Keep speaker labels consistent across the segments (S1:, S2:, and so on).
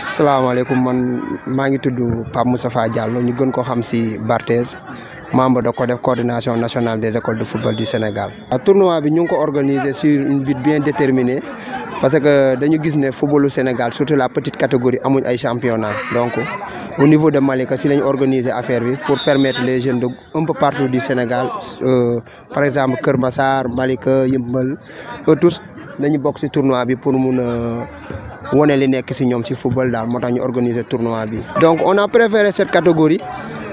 S1: Salam man Mangi Pape Moustapha Diallo ñu gën membre de la coordination nationale des écoles de football du Sénégal. Le ah, tournoi bi ñu organisé sur une but bien déterminée parce que dañu gis football au Sénégal surtout la petite catégorie amuñ ay championnat donc au niveau de Malika si lañ organiser affaire pour permettre les jeunes de un peu partout du Sénégal euh, par exemple Kermassar, Malika Yimbol, eux tous tournoi pour football organiser tournoi donc on a préféré cette catégorie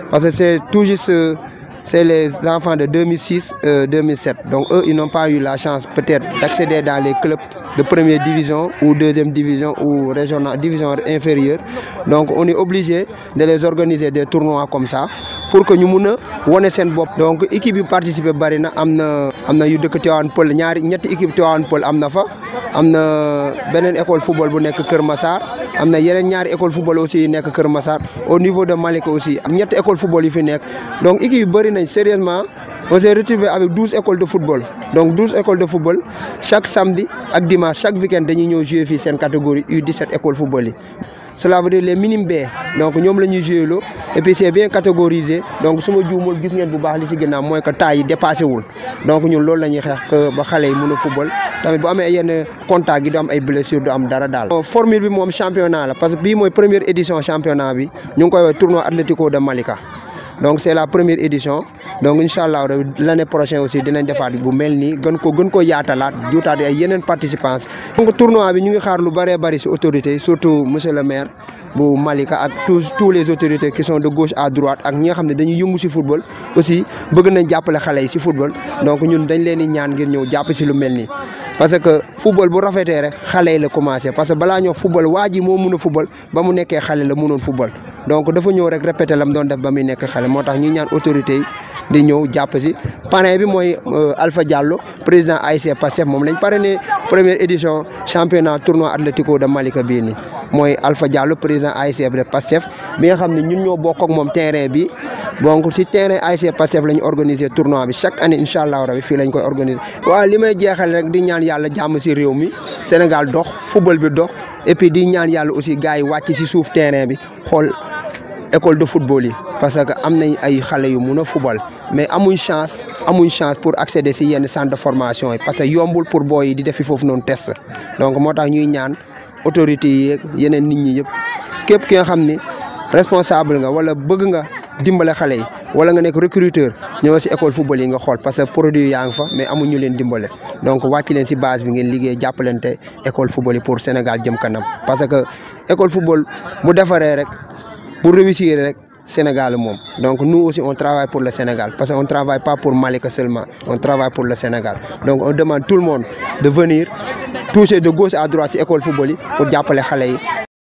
S1: parce que c'est tout juste euh, c'est les enfants de 2006 2007 euh, donc eux ils n'ont pas eu la chance peut-être d'accéder dans les clubs de première division ou deuxième division ou régional division inférieure donc on est obligé de les organiser des tournois comme ça pour que ñu mun a wane seen bopp donc équipe yu participer bari na am na am na yu dëkk Tivaouane Peulh ñaari ñetti équipe Tivaouane Peulh am na fa am na beneen école football bu nekk Kër Massar am na yeneen ñaari école football aussi nekk Kër Massar au niveau de Malika aussi ñetti école football yu fi nekk donc équipe yu bëri nañ sérieusement on s'est retrouvé avec 12 écoles de football. Donc 12 écoles de football, chaque samedi et dimanche, chaque week-end, nous jouons ici une catégorie U17 école football. Cela veut dire les minimes B. Donc nous avons joué là. Et puis c'est bien catégorisé. Donc si nous avons vu que nous avons de taille dépassée. Donc nous avons dit que nous avons le football. tamit bu amee yenn contact yi du am ay blessure du am dara la euh, formule bi moom championnat la parce que c'est la première édition championnat Nous avons ngi koy tournoi Atlético de Malika donc c'est la première édition. donc incha allah l' année aussi dinañ defaat bu mel nii gën ko gën ko yaatalaat juutaat ay yeneen participants. donc tournoi bi ñu ngi xaar lu bëree bëri si autorités surtout monsieur le maire bu Malika ak tous tous les autorités qui sont de gauche à droite ak ñi nga xam ne dañuy yëngu si football aussi bëgg nañ jàppale xale yi si football donc ñun dañ leen di ñaan ngir ñëw jàpp si lu mel nii. parce que football bu rafetee rek xale yi la commencé parce que balaa ñoo football waa ji moo mun a ba mu nekkee xale la munoon football. donc dafa ñëw rek répété lam doon def ba muy nekk xale moo tax ñu ñaan autorité yi di ñëw jàpp si parrain bi mooy euh, Alpha Diallo président AIC Pastef moom lañ parrainé première édition championnat tournoi atlético de Malika bii nii mooy Alpha Diallo président AIC Pastef bi nga xam ne ñun ñoo bokk ak moom terrain bi donc si terrain AIC Pastef la ñu organiser tournoi bi chaque année incha allah rabi fii lañ koy organiser. waaw li may jeexal rek di ñaan yàlla jàmm si réew mi Sénégal dox football bi dox di ñaan yàlla aussi gars yi wàcc si suuf terrain bi xool. école de football yi parce que am nañ ay xale yu mun a football mais amuñ chance amuñ chance pour accéder si yenn centre de formation yi parce que yombul pour booy yi di defi foofu noonu test donc moo tax ñuy ñaan autorités yi yeneen nit ñi yëpp képp ki nga xam ni responsable nga wala bëgg nga dimbale xale yi wala nga nekk recruteur ñëw si école football yi nga xool parce que produit yaa ngi fa mais amuñ ñu leen dimbale donc wàcc leen si base bi ngeen liggéey jàppalante école football yi pour Sénégal jëm kanam parce que école rek. pour réussir le Sénégal monde. donc nous aussi on travaille pour le Sénégal parce qu'on ne travaille pas pour Malika seulement on travaille pour le Sénégal donc on demande tout le monde de venir toucher de gauche à droite l'école école football pour appeler les yi